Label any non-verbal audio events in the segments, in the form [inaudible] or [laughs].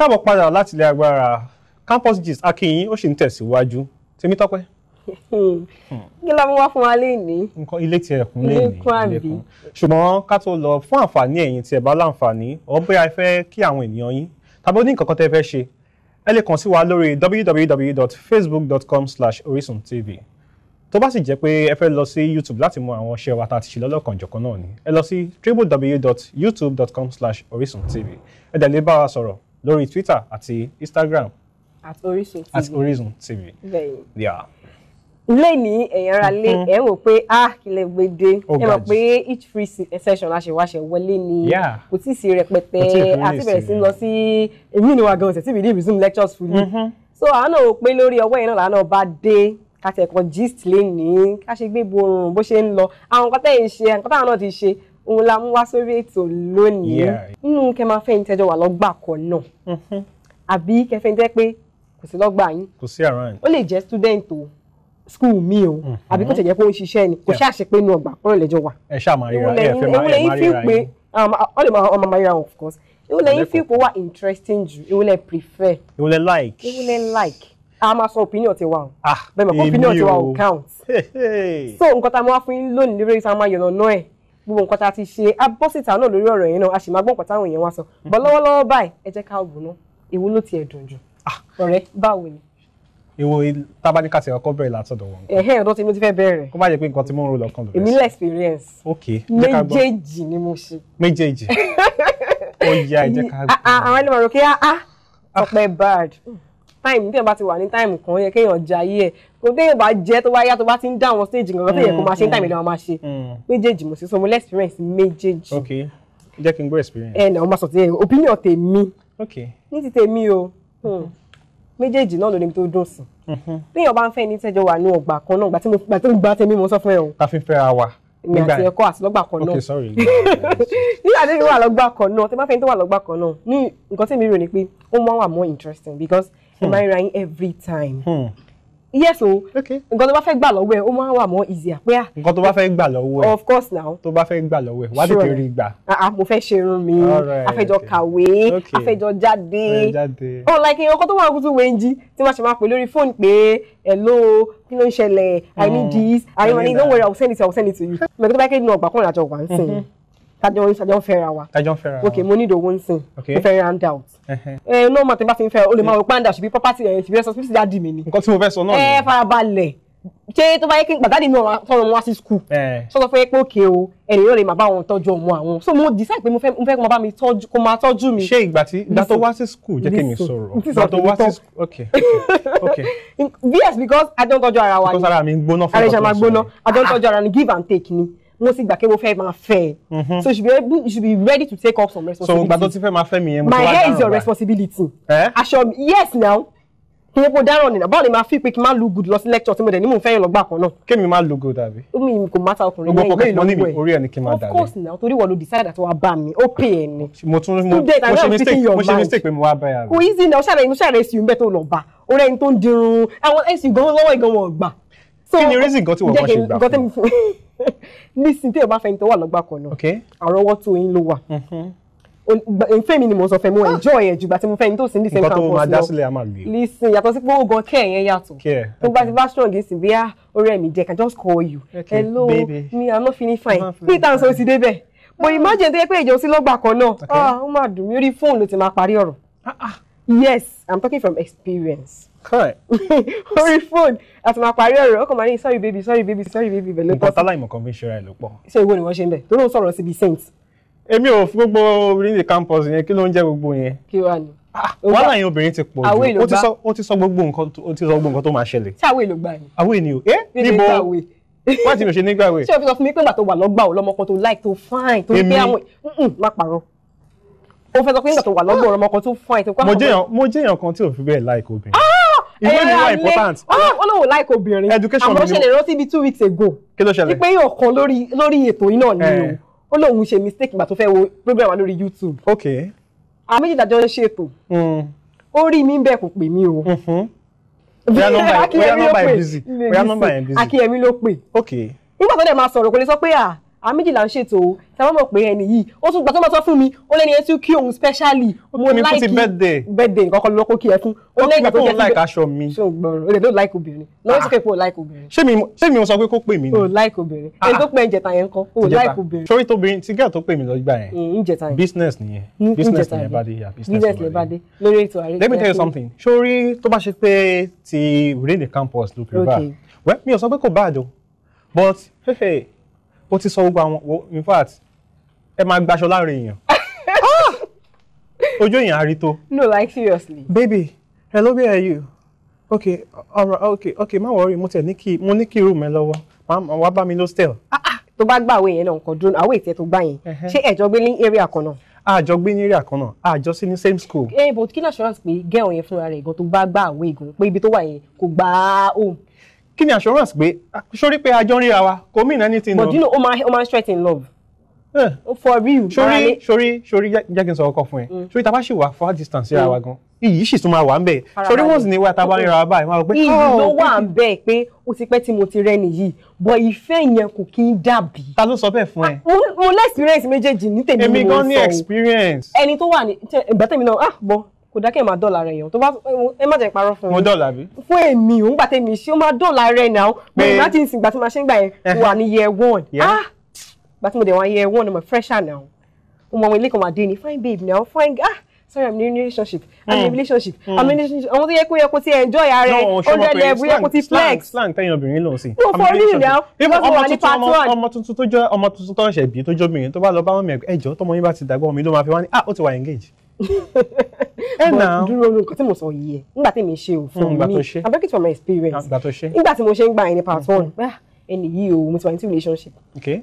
káàbọ̀ padà láti ilé agbára campus gist akínyìn ó sì ń tẹ̀síwájú tèmi tọ́pẹ́. Hmm. kí ló mú wá fún wa léèní. nǹkan ilé tí ẹ kún léèní ilé kún ṣùgbọ́n ká tó lọ fún àǹfààní ẹ̀yin tí ẹ bá láǹfààní ọ̀bẹ afẹ́ kí àwọn ènìyàn yín tàbí ó ní nǹkan kan tẹ́ fẹ́ ṣe ẹ lè kàn sí wa lórí www.facebook.com/orisuntv tó bá sì jẹ́ pé ẹ fẹ́ lọ sí youtube láti mọ àwọn iṣẹ́ wa tá a ti ṣe lọ́lọ́kanjọ̀kan náà ni ẹ lọ sí www.youtube.com/orisuntv ẹ dẹ̀ lè bá wa sọ̀rọ̀ lórí Twitter àti Instagram at Orisun TV at Orisun TV bẹ́ẹ̀ni yeah. lé ní ẹ̀yàn ara lé mm-hmm. ẹ̀ ń wò pé ah kílẹ̀ gbèdé oh, ẹ̀ mọ̀ pé each free session aṣèwáṣẹ̀ wọlé ni kò tí ì sí rẹpẹtẹ àti bẹ̀rẹ̀ sí lọ sí èmi ni wà gan ọ̀sẹ̀ tí mi dé resume lectures fún mi mm-hmm. so àánú ò pé lórí ọwọ́ yẹn náà làánú ọba dé kàtẹ̀kọ̀ gist lé ní ká ṣe gbé borun bó ṣe ń lọ àwọn nǹkan tẹ̀ ń ṣe àwọn nǹkan táwọn náà ti ṣe òun la mú wá sórí ètò lónìí nínú kẹ máa fẹ́ ìtẹ́jọ́ wà lọ́gbà kan náà mm-hmm. àbí kẹfẹ ń tẹ́ pé kò sí lọ́gbà yín kò sí around ó lè jẹ́ student o school mi o mm-hmm. àbí kò tẹ̀jẹ́ pé ó ń ṣiṣẹ́ ni kò ṣáà ṣe pé inú ọgbà kọ́rọ̀ lẹ́jọ́ wà. ẹ ṣáà máa ríra ẹ fẹ́ ọmọ máa of course ewu lẹ́yìn fi ipò wà interesting jù ewu prefer ewu lẹ́ like ewu lẹ́ like a máa sọ opinion tiwa o ah, bẹ́ẹ̀ mọ̀ opinion tiwa o count so nǹkan tá a máa fún yín lónìí lórí ìsàmáyọ̀ lọ́nà ẹ̀ gbogbo nǹkan tá a ti ṣe á bọ́ síta náà lórí ọ̀rọ̀ yẹn náà a sì máa gbọ́ nǹkan táwọn èèyàn wá sọ bọ́ mm-hmm. lọ́wọ́lọ́wọ́ báyìí ẹ jẹ́ ká wò ná èwo ló tiẹ̀ dùn jù ah. ọ̀rẹ́ báwo ni. èwo tábàdíkà ti ọkọ bẹ̀rẹ̀ látọ̀dọ̀ wọn. ẹ̀hẹ́ ọ̀dọ́ tí mo ti fẹ́ bẹ̀rẹ̀. kó má jẹ́ pé nǹkan tí mo ń ro lọ́kàn lórí. èmi ní experience. ok jẹ́ ká gbọ́ méjèèjì ni mo ṣe. méjèèjì [laughs] ó yá ẹ jẹ́ ah ah ọ̀pẹ ah, bad táìmù tí èèyàn bá ti wà ní táìmù kan yẹ kéèyàn jayé ẹ̀ kò téèyàn bá jẹ́ tó bá yá tó bá ti ń dá àwọn stage nǹkan tó yẹ kó máa ṣe ní táìmù ìlànà máa ṣe mm, mm. méjèèjì mo sì sọ mo lẹ́ experience méjèèjì. ok jẹ́ kí n gbọ́ experience. ẹ nà ó máa sọ ti opinion tèmi ní ti tèmi o hmm. méjèèjì náà ló ní tó dùn sí. Mhm. téèyàn bá ń fẹ́ ní tẹ́jọ́ wà ní ọgbà kan náà gbà tó ń gbà tèmi mo sọ fún ẹ o. ká fi fẹ́ ra wa ní àti ẹ̀kọ́ àti lọ́gbà kan [laughs] náà nígbà tí mi wà lọ́gbà kan náà tí bá fẹ́ tó wà lọ́gbà kan náà ní nǹkan tí mi rò ni pé ó máa wà more interesting because ẹ máa ń every time. Hmm. yes oh. o nǹkan tó bá fẹ́ gbà lọ́wọ́ ẹ ó máa wà mọ́ easy àpẹ́ à. nǹkan tó bá fẹ́ gbà lọ́wọ́ ẹ of course now. tó bá fẹ́ gbà lọ́wọ́ ẹ wá tètè rí gbà. Ah, ah, mo fẹ́ ṣe irun mi a fẹ́ jọ kàwé a fẹ́ jọ jáde ó oh, like nǹkan tó wà kútu wẹ́njí tí wọ́n ṣe máa pè lórí fóònù pé hello kí ló ń ṣẹlẹ̀ i need hmm. this i need don't worry i will send it to you i will send it to you. mẹ̀kútọ́ bá yẹ kí n nù ọgbà kúrò àjọ wà ń sìn. Mm-hmm tájọ ìṣàjọ fẹ́ra wa tájọ fẹ́ra wa ok mo need owó Okay. mo fẹ́ hand out ẹ ní ọmọ tí n bá fi ń fẹ́ o lè máa wọ pàǹdà ṣùgbọ́n property ẹ̀ ṣùgbọ́n responsibility dáàdì mi ni. nǹkan tí mo fẹ́ sọ náà ni. ẹ farabalẹ̀ ṣé tó bá yẹ kí gbàdáàdì mi tọrọ wọn wá sí school sọ́dọ̀ fún yẹ pé òkè o ẹnì yóò lè máa bá wọn tọ́jú ọmọ àwọn so mo decide pé mo fẹ́ kó máa bá mi tọ́jú kó máa tọ́jú mi. ṣé ìgbà tí ìgbà tó wá sí school jẹ́ kí mi sọ̀rọ̀ ìgbà tó wá sí school ok ok. [laughs] yes because I jọ ń tọ́jú ara wa ni because ara mi gbóná fún ọ̀tọ̀ sọ ara ìṣàmà gbóná a jọ ń ara ni give and take ni mo ti gbà pé mo fẹ́ máa fẹ́ ẹ mhm. so you should be you should be ready to take up some responsibility. so gbàtọ́ ti fẹ́ máa fẹ́ mi yẹn mo ti my hair is your responsibility. aṣọ yes now kí epo dáràn nìyà báwo ni màá fi pé kí n má lu good lọ sí lecture tí mo dẹ̀ ní mò ń fẹ́yàn lọ́gbà kan náà. kémi máa lu good àbí. omi kò mátà ọkùnrin náà ìwé ìlú ìwé orí ẹ̀ ní kí n máa dàlẹ́. of course na torí wọ́n ló decide àti wàá bá mi ó pè é ni. mo tún mo ṣe mistake mo ṣe mistake pé mo wá bá yàrá. kò easy na ó ṣàlàyé mo ṣàlàyé sí i ń bẹ́ tó lọ bá orí ẹni tó ń dirun àwọn ẹ̀sìn gan lọ́wọ́ ìgan wọn gbà kí ni reason kan tí wọ́n kàn ṣe gbà fún [laughs] nísìnyí tí o bá fẹ́ ní tó wà lọ́gbà kan náà àrọ́wọ́tó yín ló wà nfẹ́ mm-hmm. mi ni mo sọ fẹ́ mo enjoy ẹ̀ jùgbà tí mo fẹ́ ní tó sì ní same campus lọ nǹkan tó máa dá sílẹ̀ a máa lè. listen yàtọ̀ sí pé ó gan kẹ́ ẹ̀yẹn yàtọ̀ tó bá ti bá strong yìí sì bí a ọ̀rẹ́ mi jẹ́ can just call you hello mi i'm not feeling fine ní ìtàn sọ ti débẹ̀ but ah. imagine tó yẹ pé ìjọsí lọ́gbà kan náà ah ó máa dùn mí orí fóònù ló ti máa parí ọ̀rọ̀ ah, ah. yes i'm talking from experience Hurry, fóònù àti máa parí ọ̀rọ̀ ọkàn máa ní sorry baby sorry baby sorry baby bẹ̀lẹ́ pọ̀. nǹkan táláìmọ̀ kan fi ń ṣera ẹ̀ ló pọ̀. ṣé ìwọ ni wọ́n ṣe ń bẹ̀ tó lóun sọ̀rọ̀ síbi saint. èmi ò fún gbogbo obìnrin ní campus yẹn kí ló ń jẹ́ gbogbo yẹn. kí wàá ní. Ah, wàhálà yẹn obìnrin ti pọ̀ jù ó ti sọ gbogbo nǹkan tó máa ṣẹlẹ̀. ṣé àwẹ̀ ló gbà ni. àwẹ̀ ni o ẹ eh, níbo wọ́n ti mi ṣe nígbà wẹ̀. [laughs] ṣé o fi sọ fún mi pé ìgbà tó wà lọ́gbà ò lọ́mọkọ tó like tó fine tó gbé àwọn má parọ́ o fẹ́ sọ pé ìgbà tó wà lọ́gbà ò lọ́mọkọ tó fine tó kọ́ àwọn. mo jẹ́yàn kan tí ò fi bẹ́ẹ̀ like obìnrin. Ah! ìwé ìlú wa important. Ah, ó lóun láìka obìnrin education àmọ́ ṣẹlẹ̀ rántí bíi two weeks ago kí ló ṣẹlẹ̀ ìpín ọ̀kan lórí ètò yìí náà ni eh. o ó lóun ṣe mistake ìgbà tó fẹ́ wo program wa lórí YouTube. ok àwọn méjì dájọ́ ń ṣètò hmm. ó rí mi bẹ́ẹ̀ kò pè mí o. Hmm. [laughs] bóyá nọ́mbà yẹn busy bóyá nọ́mbà yẹn busy. akínyẹmí ló pè. nígbà tó dẹ̀ máa sọ̀rọ̀ kò lè sọ pé à àwọn méjì là ń ṣètò o sábà mọ̀ pé ẹni yìí ó tún gbà tó bá sọ fún mi ó lẹ́ni ẹtú kí òun specially mo like birthday nǹkan kan lóko kí ẹ fún. ó ní ìgbà tó ń like aṣọ mi. ṣùgbọ́n o lè ló like obìnrin lọ́wọ́ sókè pé o like obìnrin. ṣé mi mo sọ pé kó pè mí ni. o like obìnrin ah, ẹni tó ah. pẹ́ ìjẹta yẹn kọ́ o like obìnrin. sori tó bìnrin tí gẹ́ẹ̀ tó pè mí lọ́gbà yẹn. Mm, ìjẹta yẹn business nìyẹn mm, business nìyẹn bá dé yà business nìyẹn bá dé lórí ètò ààrẹ. let me tell you something sori tó bá ṣe pé ti within the campus ló kiri bá well mi ò sọ pé kò bad o but ó ti sọ gbogbo àwọn in fact ẹ máa gbaṣọ láàrin èèyàn ah! ojú èèyàn á rí tó. no like seriously. baby hello where are you okay alright okay okay má wọrí mo tẹ̀ ní kí mo ní kí rúùmù ẹ lọ́wọ́ màá wá bá mi lọ́stẹ̀l. Ah, ah, tó bá gbà àwẹ̀ yẹn náà nǹkan dúró àwẹ̀ ìtẹ́ tó gbà yẹn ṣé ẹ̀jọ̀ gbé ní area kan náà. àjọ gbé ní area kan náà àjọ sí ní same school. ẹ eh, bò kí ní assurance pé gẹ́ọ̀ yẹn fúnra rẹ̀ gan tó bá gbà àwẹ̀ gan pé ibi tó wà yẹn kò gbà á home kí ni assurance pé sórí pé a ń ríra wa kò mean anything o. but you know o ma o ma straight in love. Eh. for real. sórí sórí sórí jẹ́ kí n sọ ọkọ fún ẹ mm. sórí tá a bá far distance síra wa mm. gan iyì sì tún máa wà ń bẹ sórí wọ́n sì ní wá tá a bá ríra wa báyìí máa rò pé. iyì oh, ló wà ń bẹ pé ó ti pẹ́ tí mo ti rẹ́ nìyí bọ̀ ìfẹ́ yẹn kò kí ń dàbí. ta ló sọ bẹ́ẹ̀ fún ẹ. Ah, mo lè experience méjèèjì ní tèmi ni mo sọ o èmi gan ní experience. ẹni tó wà ní ìgbà tèmi náà ah bọ́ kò dákẹ́ máa dọ́là rẹ̀ yàn tó bá ẹ má jẹ́ parọ́ fún mi. mo dọ́là bí. fún èmi òun gbà tèmi ṣé ó máa dọ́là rẹ̀ náà pé ìgbà tí n sì gbà tí màá ṣe ń gbà yẹn eh. wà ní year one. ah gbà tí mo dẹ̀ wá year one ọmọ fresher náà mo mọ àwọn ilé kan máa dé ni fine babe náà fine ah sorry i'm in relationship i'm in hmm. relationship hmm. i'm in relationship àwọn tó yẹ kó yẹ kó ti enjoy ara ẹ ó dẹdẹ bó yẹ kó ti flex. slang tẹyin obìnrin lòun sí. mo fọ orí ìlà because mo wà ní part one. ọmọ tuntun tó jẹ ọmọ tuntun tó ṣẹ̀ bí tó jẹ́ obìnrin tó bá lọ bá wọn mẹ́ẹ̀ẹ́dẹ́jọ́ tọmọ yín bá ti dàgbọ́ mi ló máa fi wá ní ah ó ti wà engage ẹ [laughs] eh, nà dúró ní nǹkan tí mo sọ yìí ẹ nígbà tí hmm, mi ṣe òfin mi i'm breaking from my experience ah, nígbà tí mo ṣe ń gbà ẹni part one hmm. ah, ẹni yìí o mo ti wà ní two relationship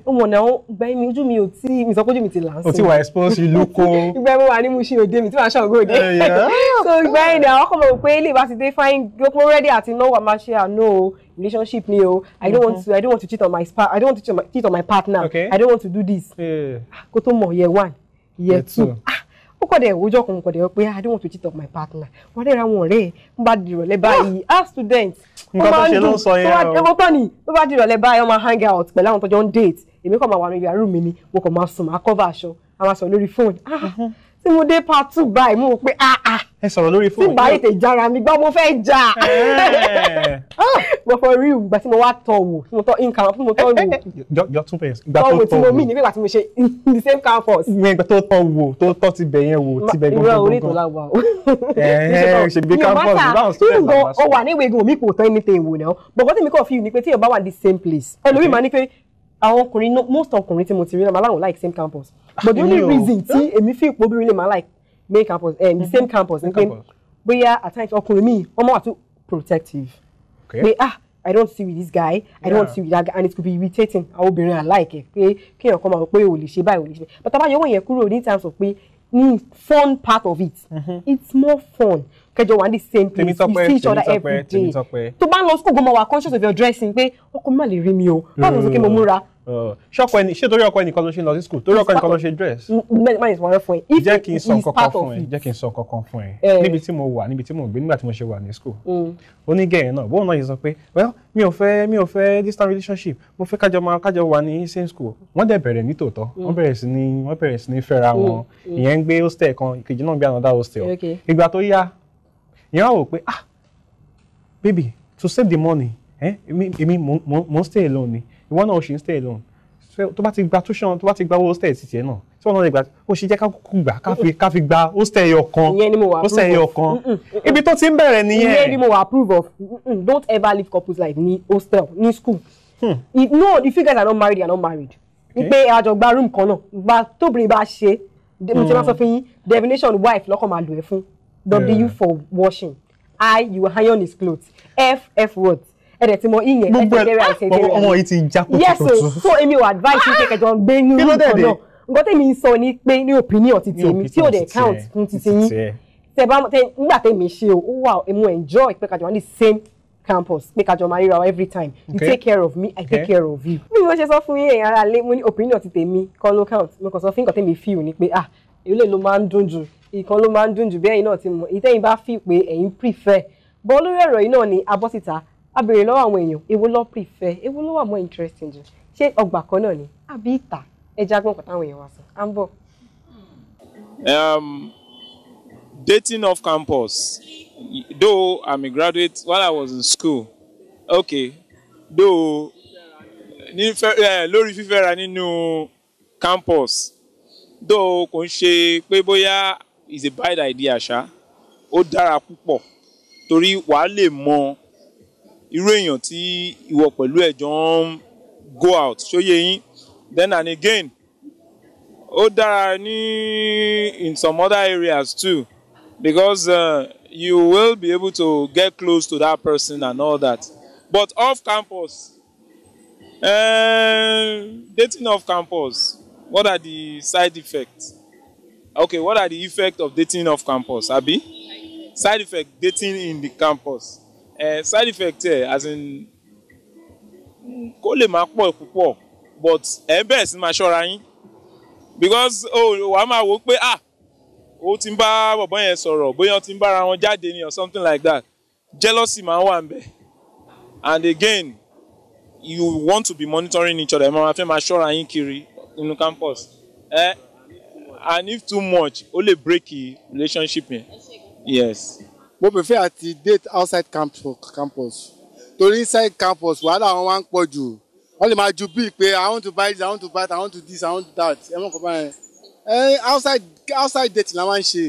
ó náà gba ẹni ojú mi ò tí mi sọ pé ojú mi ti là ń sùn. o ti wà expose ìlú kó. ìgbà ẹni wà ní mu ṣe òde mi tí màá ṣàǹgó òde. Eh, [laughs] so ìgbà ẹni àwọn ọkọ mi pé ilé ìbá ti dé fine gbogbo ready àti náwó àmà ṣe àná o relationship ni o i don't want mm-hmm. to i don't want to cheat on my i don't want to cheat on my partner i don't want to do this. Eh. Ah, kó tó mọ̀ year one year two ah ó kọ̀ dẹ̀ ìwújọ́ kan kọ̀ dẹ̀ pé ah, i don't want to cheat on my partner wọ́n dẹ̀ ra wọn ọ̀rẹ́ ẹ̀ ń bá di ìrọ̀lẹ́ báyìí ah, ah student ó máa ń dùn tó bá tọ́ ni tó bá di ìrọ̀lẹ́ báyìí wọ́n máa hang out pẹ̀lú àwọn tó jọ ń date èmi kàn máa wà ní yàrá mi ni mo kàn máa sùn máa cover aṣọ àwọn aṣọ lórí fóònù tí mo dé part two báyìí mo rò ah ah ẹ sọ̀rọ̀ lórí fóònù tí báyìí tè jára mi gbọ́ mo fe jà [laughs] ah, mo fọ rí ìgbà tí mo wá tọ̀ wò tí mo to in kàwọn fún mo to. wò. yọ tún fẹ ìgbà tó tọ̀ wò mo mí ní pípa tí mo ṣe the same campus. ìwé ìgbà tó tọ̀ wò tó tọ̀ ti bẹ̀ yẹn wò ti bẹ̀ gbogbo. ìwé orí ìtọ́lá wa o. [laughs] ẹ̀ẹ́ ṣe gbé campus báwọn students àwọn aṣọ. ó wà ní ìwé egun mi kò tán anything wo wò náà bọ̀gọ́ tí mi ko fi ni pé tí yóò bá wà the same place ẹlòmíì máa ní pé àwọn ọkùnrin most ọkùnrin tí mo ti rí náà máa láwọn like same campus but the only reason tí èmi fi ipò obìnrin really máa like main campus um, the mm-hmm. same campus ni pé bóyá at times ọkùnrin mi ọmọ wà too protective Okay. pé ah I don't see with this guy I yeah. don't see with that guy and it could be irritating I obìnrin àláìkẹ pé kéèyàn kan máa rò pé o lè ṣe báyìí o lè ṣe báyìí but àbáyọ wọ̀nyẹn kúrò ní terms of pé ní fun part of it mm -hmm. it's more fun kẹjọ wà ní same place you see each other every day To ban, ń lọ school gan ma wà conscious of your dressing pé ọkọ mi má lè rí mi o báwo ló sọ pé mo mm. múra ṣọkọ ẹni ṣé torí ọkọ ẹnìkan ló ṣe lọ sí school torí ọkọ ẹnìkan ló ṣe dress. mẹ́rin is ọ̀rẹ́ fún ẹ. jẹ́ kí n sọ kankan fún ẹ jẹ́ kí n sọ kankan fún ẹ níbi tí mo wà níbi tí mo gbé nígbà tí mo ṣe wà ní school. onígẹ̀yìn mm. náà bóun náà yìí sọ pé well mi ò fẹ́ mi ò fẹ́ distant relationship mo fẹ́ kájọ máa kájọ wà ní same school. wọ́n dẹ̀ bẹ̀rẹ̀ ní tòótọ́ mm. wọ́n bẹ̀rẹ̀ sí ní wọ́n bẹ̀rẹ̀ sí ní fẹ́ra mm. wọn ìyẹn ń gbé hostel kan ìkejì náà gbé another hostel. ìgbà tó yá ìyẹn wà wò pé ah baby to save the money eh, èmi mò ń stay alone ni ìwọ náà o ṣì ń stay alone tó bá ti gba tuition tó bá ti gba owó hostel títí ẹ náà tí wọn náà lè gba ó ṣe jẹ́ ká kúkú gbà ká fi gba stay ẹyọ kan hostel ẹyọ kan ibi tó ti ń bẹ̀rẹ̀ nìyẹn. ìyẹn ni mo wà approve of don't ever leave couples like ní hostel ní school no hmm. if you guys are not married you are not married pé àjọ gba room kan náà gba tóbìnrin bá ṣe mo ti máa hmm. sọ fún yín definition wife lọ́kàn máa lò ẹ́ fún w for washing i you iron his clothes f f words ẹ̀rẹ̀ tí mo ìyẹn ẹ̀sẹ̀ dẹ́rẹ́ àìsẹ̀ dẹ́rẹ̀ ọmọ yìí ti jákòó tuntun yes o so èmi ò advice yìí kẹkẹjọ gbé inú ìlú kan náà nǹkan tèmi ń sọ ni pé ní opinion ti tèmi tí ò dẹ̀ count fún titi yín nígbà tèmi ṣe o wà mo enjoy pé kájọ wà ní same campus pé kájọ máa ríra every time you take care of me i okay. take care of you. bí mo ṣe sọ fún yín ara lé mo ní opinion ti tèmi kan ló count mo kàn sọ fún nǹkan tèmi feel ni pé ah ilé yìí náà ni abọ́síta a béèrè lọ́wọ́ àwọn èèyàn èwo ló prefer èwo ló wà more interesting jù ṣé ọgbà kan náà ni àbí ìta ẹ jágbọ́n kọ́tà àwọn èèyàn wa sọ à ń bọ̀. Um, dating off campus though i'm a graduate while i was in school okay though ní lórí fífẹ́ra nínú campus though kò ń ṣe pé bóyá is a bad idea ṣá ó dára púpọ̀ torí wàá lè mọ irú èèyàn tí ìwọ pẹ̀lú ẹ̀ jọ ń go out ṣóyè yín then and again ó dára ní in some other areas too because uh, you will be able to get close to that person and all that but off campus uh, dating off campus what are the side effects okay what are the effects of dating off campus abi side effect dating in the campus eh, side effect ẹ̀ eh, as in kó lè máa pọ̀ púpọ̀ but ẹ̀ bẹ̀rẹ̀ sí máa ṣọ́ra yín because oh, wàá máa wò ó pé ah o ti ń bá bọ̀bọ́ yẹn sọ̀rọ̀ bóyá ó ti ń bára wọn jáde ni or something like that jealousy máa ń wà ń and again you want to be monitoring each other ẹ máa fẹ́ máa ṣọ́ra yín kiri nínú campus eh? and if too much o lè break relationship yẹn yes mo prefer àti date outside campus, campus. inside campus wàhálà wọn wá ń pọ̀ jù wọ́n lè máa ju bíi pé i want to buy this i want to buy that i want to this i want to that ẹ mọ̀ kọ́ báyẹn ẹ outside outside date la máa ń ṣe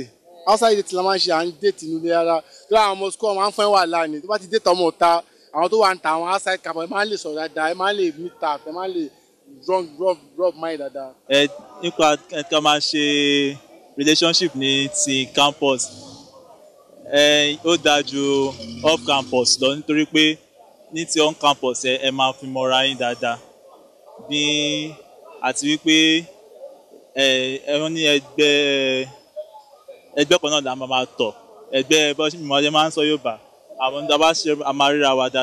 outside date la máa ń ṣe à ń date inú ilé ara tó àwọn ọmọ school máa ń fẹ́ wà láàánú tó bá ti date ọmọ ọ̀ta àwọn tó wà ń ta àwọn outside campus ẹ máa ń lè sọ̀rọ̀ dáadáa ẹ máa ń lè meet up ẹ máa ń lè drunk rub rub mind dáadáa. ẹ nípa ẹ ká máa ṣe relationship ní ti campus ó dáa ju off campus lọ nítorí pé ní ti on campus ẹ ẹ máa fi mọ́ra yín dáadáa ní àti wípé ẹ ẹ ní ẹgbẹ ẹgbẹ kan náà là máa tọ̀ ẹgbẹ́ bọ́sùn ìmọ̀ọ́jẹ́ máa ń sọ Yorùbá àwọn tá a bá ṣe wa dáadáa.